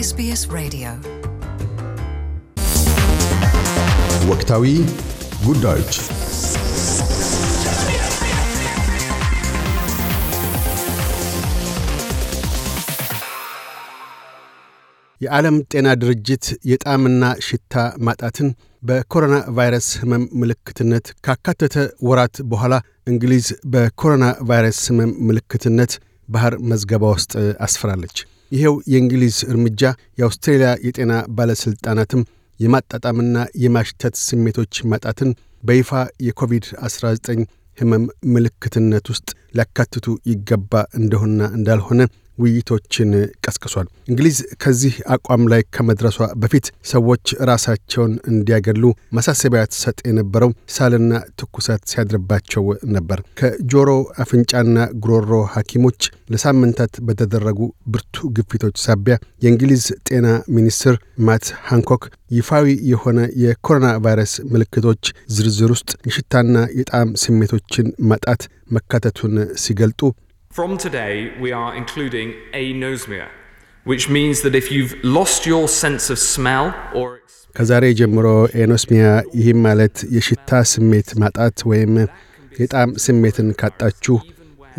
ኤስቢኤስ Radio. ወቅታዊ ጉዳዮች የዓለም ጤና ድርጅት የጣዕምና ሽታ ማጣትን በኮሮና ቫይረስ ህመም ምልክትነት ካካተተ ወራት በኋላ እንግሊዝ በኮሮና ቫይረስ ህመም ምልክትነት ባህር መዝገባ ውስጥ አስፈራለች። ይኸው የእንግሊዝ እርምጃ የአውስትሬልያ የጤና ባለሥልጣናትም የማጣጣምና የማሽተት ስሜቶች ማጣትን በይፋ የኮቪድ-19 ህመም ምልክትነት ውስጥ ሊያካትቱ ይገባ እንደሆነና እንዳልሆነ ውይይቶችን ቀስቅሷል። እንግሊዝ ከዚህ አቋም ላይ ከመድረሷ በፊት ሰዎች ራሳቸውን እንዲያገሉ ማሳሰቢያ ትሰጥ የነበረው ሳልና ትኩሳት ሲያድርባቸው ነበር። ከጆሮ አፍንጫና ጉሮሮ ሐኪሞች ለሳምንታት በተደረጉ ብርቱ ግፊቶች ሳቢያ የእንግሊዝ ጤና ሚኒስትር ማት ሃንኮክ ይፋዊ የሆነ የኮሮና ቫይረስ ምልክቶች ዝርዝር ውስጥ የሽታና የጣዕም ስሜቶችን ማጣት መካተቱን ሲገልጡ From today, we are including anosmia, which means that if you've lost your sense of smell or ከዛሬ ጀምሮ ኤኖስሚያ ይህም ማለት የሽታ ስሜት ማጣት ወይም የጣም ስሜትን ካጣችሁ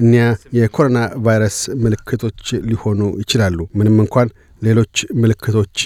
እኒያ የኮሮና ቫይረስ ምልክቶች ሊሆኑ ይችላሉ። ምንም እንኳን ሌሎች ምልክቶች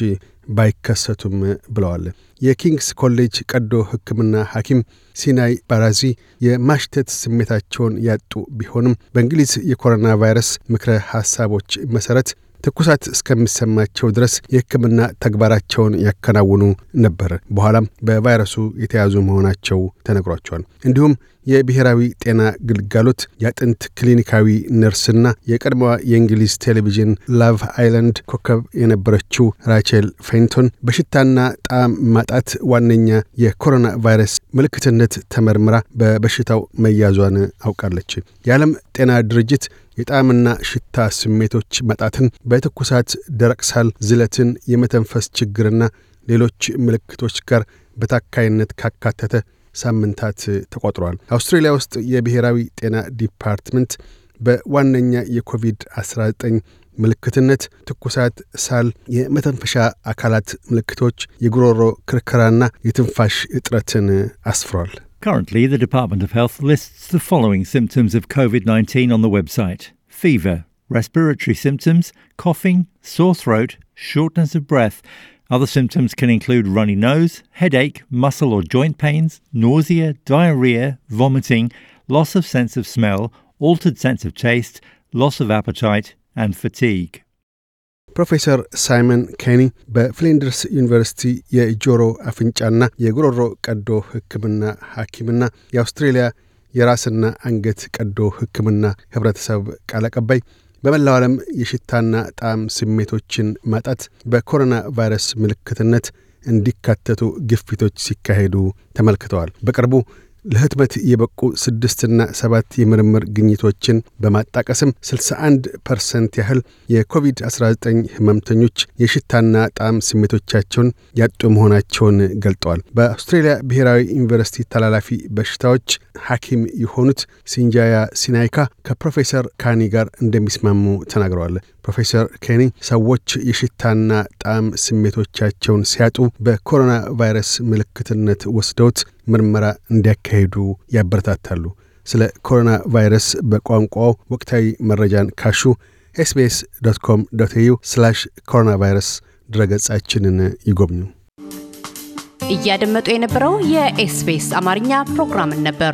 ባይከሰቱም ብለዋል። የኪንግስ ኮሌጅ ቀዶ ሕክምና ሐኪም ሲናይ ባራዚ የማሽተት ስሜታቸውን ያጡ ቢሆንም በእንግሊዝ የኮሮና ቫይረስ ምክረ ሐሳቦች መሠረት ትኩሳት እስከሚሰማቸው ድረስ የሕክምና ተግባራቸውን ያከናውኑ ነበር። በኋላም በቫይረሱ የተያዙ መሆናቸው ተነግሯቸዋል። እንዲሁም የብሔራዊ ጤና ግልጋሎት የአጥንት ክሊኒካዊ ነርስና የቀድሞዋ የእንግሊዝ ቴሌቪዥን ላቭ አይላንድ ኮከብ የነበረችው ራቸል ፌንቶን በሽታና ጣዕም ማጣት ዋነኛ የኮሮና ቫይረስ ምልክትነት ተመርምራ በበሽታው መያዟን አውቃለች። የዓለም ጤና ድርጅት የጣዕምና ሽታ ስሜቶች ማጣትን በትኩሳት፣ ደረቅ ሳል፣ ዝለትን፣ የመተንፈስ ችግርና ሌሎች ምልክቶች ጋር በታካይነት ካካተተ ሳምንታት አውስትሬሊያ ውስጥ የብሔራዊ ጤና ዲፓርትመንት በዋነኛ የኮቪድ-19 ምልክትነት ትኩሳት፣ ሳል፣ የመተንፈሻ አካላት ምልክቶች፣ የጉሮሮ ክርክራና የትንፋሽ እጥረትን አስፍሯል። Currently, the Department of Health lists the following symptoms of COVID 19 on the website fever, respiratory symptoms, coughing, sore throat, shortness of breath, other symptoms can include runny nose, headache, muscle or joint pains, nausea, diarrhea, vomiting, loss of sense of smell, altered sense of taste, loss of appetite, and fatigue. ፕሮፌሰር ሳይመን ኬኒ በፍሊንደርስ ዩኒቨርሲቲ የጆሮ አፍንጫና የጉሮሮ ቀዶ ሕክምና ሐኪምና የአውስትሬልያ የራስና አንገት ቀዶ ሕክምና ኅብረተሰብ ቃል አቀባይ በመላው ዓለም የሽታና ጣዕም ስሜቶችን ማጣት በኮሮና ቫይረስ ምልክትነት እንዲካተቱ ግፊቶች ሲካሄዱ ተመልክተዋል። በቅርቡ ለህትመት የበቁ ስድስትና ሰባት የምርምር ግኝቶችን በማጣቀስም 61 ፐርሰንት ያህል የኮቪድ-19 ህመምተኞች የሽታና ጣዕም ስሜቶቻቸውን ያጡ መሆናቸውን ገልጠዋል። በአውስትሬልያ ብሔራዊ ዩኒቨርሲቲ ተላላፊ በሽታዎች ሐኪም የሆኑት ሲንጃያ ሲናይካ ከፕሮፌሰር ካኒ ጋር እንደሚስማሙ ተናግረዋል። ፕሮፌሰር ኬኒ ሰዎች የሽታና ጣዕም ስሜቶቻቸውን ሲያጡ በኮሮና ቫይረስ ምልክትነት ወስደውት ምርመራ እንዲያካሂዱ ያበረታታሉ። ስለ ኮሮና ቫይረስ በቋንቋው ወቅታዊ መረጃን ካሹ ኤስቢኤስ ዶት ኮም ዶት ዩ ስላሽ ኮሮና ቫይረስ ድረገጻችንን ይጎብኙ። እያደመጡ የነበረው የኤስቢኤስ አማርኛ ፕሮግራምን ነበር።